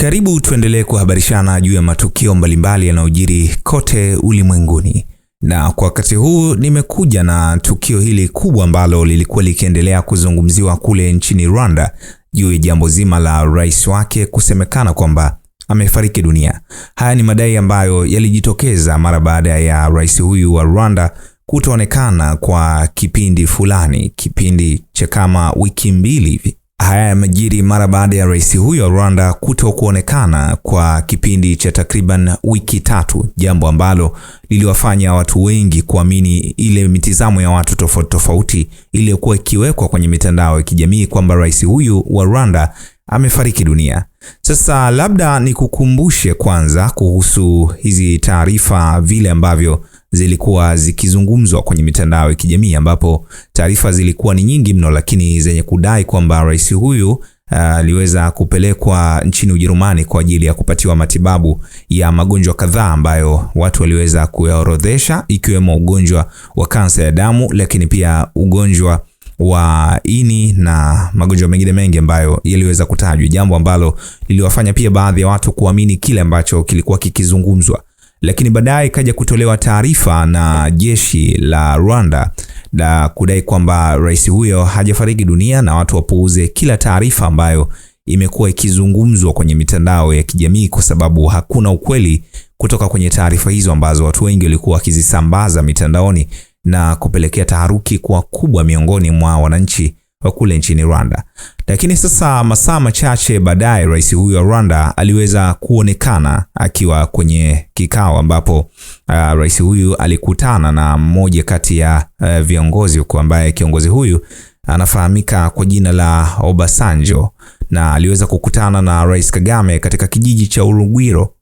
Karibu tuendelee kuhabarishana juu ya matukio mbalimbali yanayojiri kote ulimwenguni, na kwa wakati huu nimekuja na tukio hili kubwa ambalo lilikuwa likiendelea kuzungumziwa kule nchini Rwanda juu ya jambo zima la rais wake kusemekana kwamba amefariki dunia. Haya ni madai ambayo yalijitokeza mara baada ya rais huyu wa Rwanda kutoonekana kwa kipindi fulani, kipindi cha kama wiki mbili hivi. Haya yamejiri mara baada ya rais huyo wa Rwanda kuto kuonekana kwa kipindi cha takriban wiki tatu, jambo ambalo liliwafanya watu wengi kuamini ile mitizamo ya watu tofauti tofauti iliyokuwa ikiwekwa kwenye mitandao ya kijamii kwamba rais huyu wa Rwanda amefariki dunia. Sasa labda nikukumbushe kwanza kuhusu hizi taarifa vile ambavyo zilikuwa zikizungumzwa kwenye mitandao ya kijamii ambapo taarifa zilikuwa ni nyingi mno, lakini zenye kudai kwamba rais huyu uh, aliweza uh, kupelekwa nchini Ujerumani kwa ajili ya kupatiwa matibabu ya magonjwa kadhaa ambayo watu waliweza kuyaorodhesha ikiwemo ugonjwa wa kansa ya damu, lakini pia ugonjwa wa ini na magonjwa mengine mengi ambayo yaliweza kutajwa, jambo ambalo liliwafanya pia baadhi ya watu kuamini kile ambacho kilikuwa kikizungumzwa lakini baadaye ikaja kutolewa taarifa na jeshi la Rwanda la kudai kwamba rais huyo hajafariki dunia na watu wapuuze kila taarifa ambayo imekuwa ikizungumzwa kwenye mitandao ya kijamii kwa sababu hakuna ukweli kutoka kwenye taarifa hizo ambazo watu wengi walikuwa wakizisambaza mitandaoni na kupelekea taharuki kwa kubwa miongoni mwa wananchi wa kule nchini Rwanda. Lakini sasa masaa machache baadaye, rais huyo wa Rwanda aliweza kuonekana akiwa kwenye kikao ambapo uh, rais huyu alikutana na mmoja kati ya uh, viongozi huko, ambaye kiongozi huyu anafahamika kwa jina la Obasanjo na aliweza kukutana na Rais Kagame katika kijiji cha Urugwiro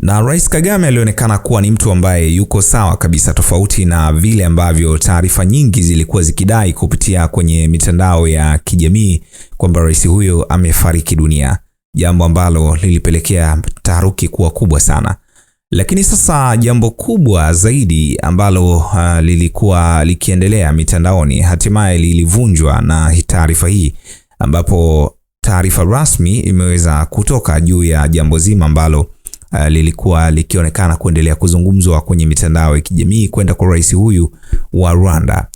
na Rais Kagame alionekana kuwa ni mtu ambaye yuko sawa kabisa, tofauti na vile ambavyo taarifa nyingi zilikuwa zikidai kupitia kwenye mitandao ya kijamii kwamba rais huyo amefariki dunia, jambo ambalo lilipelekea taharuki kuwa kubwa sana. Lakini sasa jambo kubwa zaidi ambalo uh, lilikuwa likiendelea mitandaoni hatimaye lilivunjwa na taarifa hii, ambapo taarifa rasmi imeweza kutoka juu ya jambo zima ambalo uh, lilikuwa likionekana kuendelea kuzungumzwa kwenye mitandao ya kijamii kwenda kwa rais huyu wa Rwanda.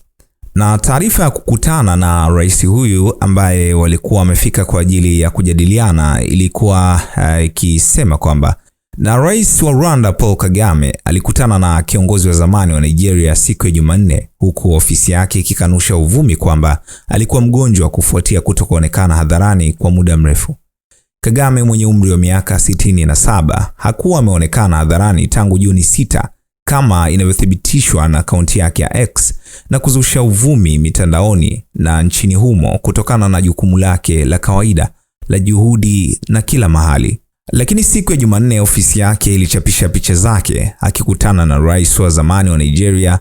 Na taarifa ya kukutana na rais huyu ambaye walikuwa wamefika kwa ajili ya kujadiliana ilikuwa uh, ikisema uh, kwamba na rais wa Rwanda Paul Kagame alikutana na kiongozi wa zamani wa Nigeria siku ya Jumanne, huku ofisi yake ikikanusha uvumi kwamba alikuwa mgonjwa kufuatia kutokuonekana hadharani kwa muda mrefu. Kagame mwenye umri wa miaka 67 hakuwa ameonekana hadharani tangu Juni 6 kama inavyothibitishwa na akaunti yake ya X na kuzusha uvumi mitandaoni na nchini humo kutokana na jukumu lake la kawaida la juhudi na kila mahali. Lakini siku ya Jumanne, ofisi yake ilichapisha picha zake akikutana na rais wa zamani wa Nigeria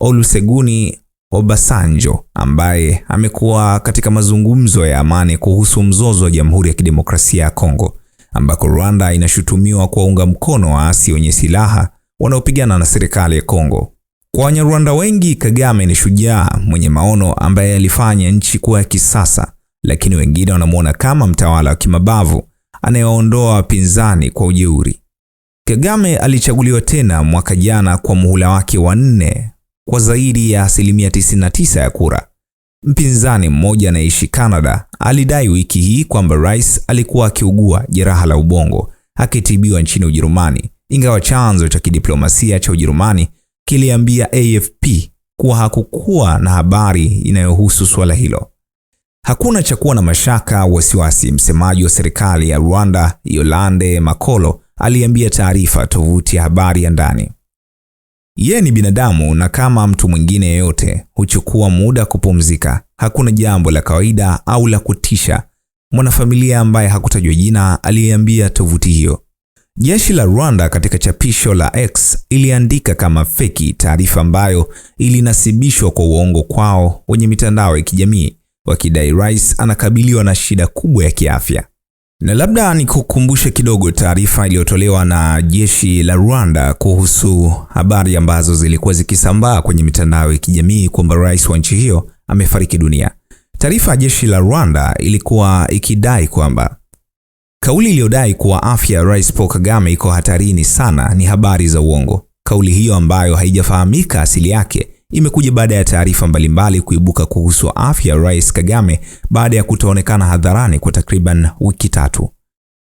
Olusegun Obasanjo ambaye amekuwa katika mazungumzo ya amani kuhusu mzozo wa Jamhuri ya Kidemokrasia ya Kongo ambako Rwanda inashutumiwa kuwaunga mkono waasi wenye silaha wanaopigana na serikali ya Kongo. Kwa Wanyarwanda wengi, Kagame ni shujaa mwenye maono ambaye alifanya nchi kuwa ya kisasa, lakini wengine wanamwona kama mtawala wa kimabavu anayewaondoa wapinzani kwa ujeuri. Kagame alichaguliwa tena mwaka jana kwa muhula wake wa nne kwa zaidi ya asilimia 99 ya kura. Mpinzani mmoja anayeishi Canada alidai wiki hii kwamba rais alikuwa akiugua jeraha la ubongo akitibiwa nchini Ujerumani, ingawa chanzo cha kidiplomasia cha Ujerumani kiliambia AFP kuwa hakukuwa na habari inayohusu suala hilo. Hakuna cha kuwa na mashaka wasiwasi, msemaji wa serikali ya Rwanda Yolande Makolo aliambia taarifa tovuti ya habari ya ndani. Yeye ni binadamu na kama mtu mwingine yeyote huchukua muda kupumzika. Hakuna jambo la kawaida au la kutisha. Mwanafamilia ambaye hakutajwa jina aliyeambia tovuti hiyo. Jeshi la Rwanda katika chapisho la X iliandika kama feki taarifa ambayo ilinasibishwa kwa uongo kwao wenye mitandao ya kijamii, wakidai rais anakabiliwa na shida kubwa ya kiafya. Na labda nikukumbushe kidogo taarifa iliyotolewa na jeshi la Rwanda kuhusu habari ambazo zilikuwa zikisambaa kwenye mitandao ya kijamii kwamba rais wa nchi hiyo amefariki dunia. Taarifa ya jeshi la Rwanda ilikuwa ikidai kwamba kauli iliyodai kuwa afya ya Rais Paul Kagame iko hatarini sana ni habari za uongo. Kauli hiyo ambayo haijafahamika asili yake imekuja baada ya taarifa mbalimbali kuibuka kuhusu afya ya Rais Kagame baada ya kutoonekana hadharani kwa takriban wiki tatu.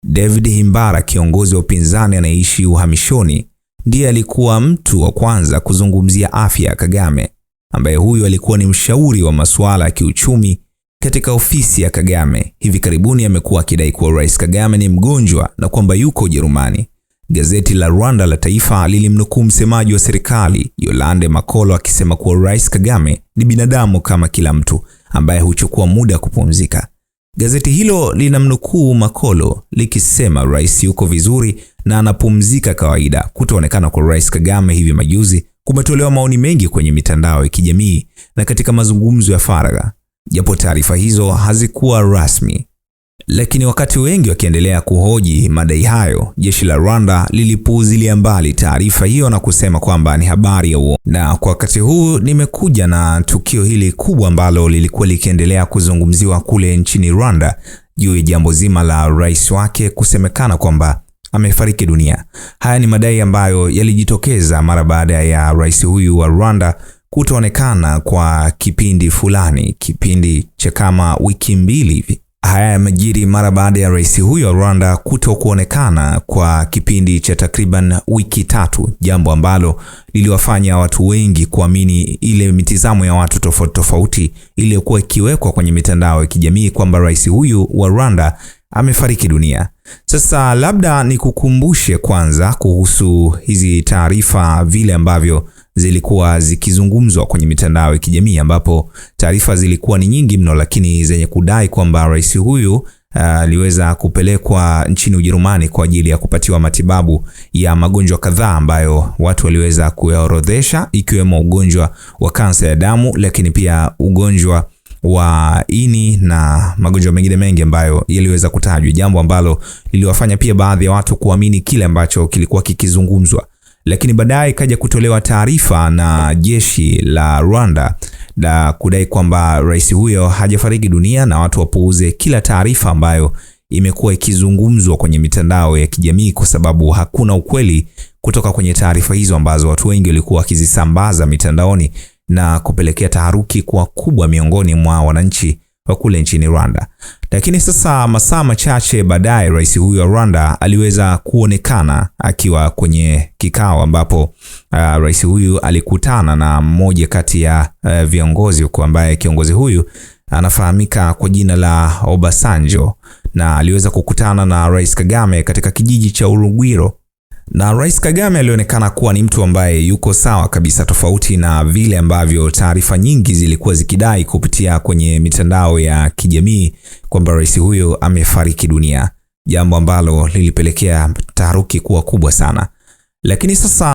David Himbara, kiongozi wa upinzani anayeishi uhamishoni, ndiye alikuwa mtu wa kwanza kuzungumzia afya ya Kagame, ambaye huyu alikuwa ni mshauri wa masuala ya kiuchumi katika ofisi ya Kagame. Hivi karibuni amekuwa akidai kuwa Rais Kagame ni mgonjwa na kwamba yuko Ujerumani. Gazeti la Rwanda la Taifa lilimnukuu msemaji wa serikali Yolande Makolo akisema kuwa Rais Kagame ni binadamu kama kila mtu ambaye huchukua muda kupumzika. Gazeti hilo linamnukuu Makolo likisema rais yuko vizuri na anapumzika kawaida. Kutoonekana kwa Rais Kagame hivi majuzi kumetolewa maoni mengi kwenye mitandao ya kijamii na katika mazungumzo ya faragha, japo taarifa hizo hazikuwa rasmi. Lakini wakati wengi wakiendelea kuhoji madai hayo, jeshi la Rwanda lilipuuzilia mbali taarifa hiyo na kusema kwamba ni habari ya uongo. Na kwa wakati huu nimekuja na tukio hili kubwa ambalo lilikuwa likiendelea kuzungumziwa kule nchini Rwanda juu ya jambo zima la rais wake kusemekana kwamba amefariki dunia. Haya ni madai ambayo yalijitokeza mara baada ya rais huyu wa Rwanda kutoonekana kwa kipindi fulani, kipindi cha kama wiki mbili hivi. Haya yamejiri mara baada ya rais huyo wa Rwanda kuto kuonekana kwa kipindi cha takriban wiki tatu, jambo ambalo liliwafanya watu wengi kuamini ile mitizamo ya watu tofauti tofauti iliyokuwa ikiwekwa kwenye mitandao ya kijamii kwamba rais huyu wa Rwanda amefariki dunia. Sasa labda nikukumbushe kwanza kuhusu hizi taarifa vile ambavyo zilikuwa zikizungumzwa kwenye mitandao ya kijamii ambapo taarifa zilikuwa ni nyingi mno, lakini zenye kudai kwamba rais huyu uh, aliweza uh, kupelekwa nchini Ujerumani kwa ajili ya kupatiwa matibabu ya magonjwa kadhaa ambayo watu waliweza kuyaorodhesha ikiwemo ugonjwa wa kansa ya damu, lakini pia ugonjwa wa ini na magonjwa mengine mengi ambayo yaliweza kutajwa, jambo ambalo liliwafanya pia baadhi ya watu kuamini kile ambacho kilikuwa kikizungumzwa lakini baadaye ikaja kutolewa taarifa na jeshi la Rwanda la kudai kwamba rais huyo hajafariki dunia na watu wapuuze kila taarifa ambayo imekuwa ikizungumzwa kwenye mitandao ya kijamii kwa sababu hakuna ukweli kutoka kwenye taarifa hizo ambazo watu wengi walikuwa wakizisambaza mitandaoni na kupelekea taharuki kwa kubwa miongoni mwa wananchi wa kule nchini Rwanda. Lakini sasa masaa machache baadaye, rais huyo wa Rwanda aliweza kuonekana akiwa kwenye kikao ambapo uh, rais huyu alikutana na mmoja kati ya uh, viongozi huko, ambaye kiongozi huyu anafahamika kwa jina la Obasanjo na aliweza kukutana na Rais Kagame katika kijiji cha Urugwiro na Rais Kagame alionekana kuwa ni mtu ambaye yuko sawa kabisa, tofauti na vile ambavyo taarifa nyingi zilikuwa zikidai kupitia kwenye mitandao ya kijamii kwamba rais huyo amefariki dunia, jambo ambalo lilipelekea taharuki kuwa kubwa sana, lakini sasa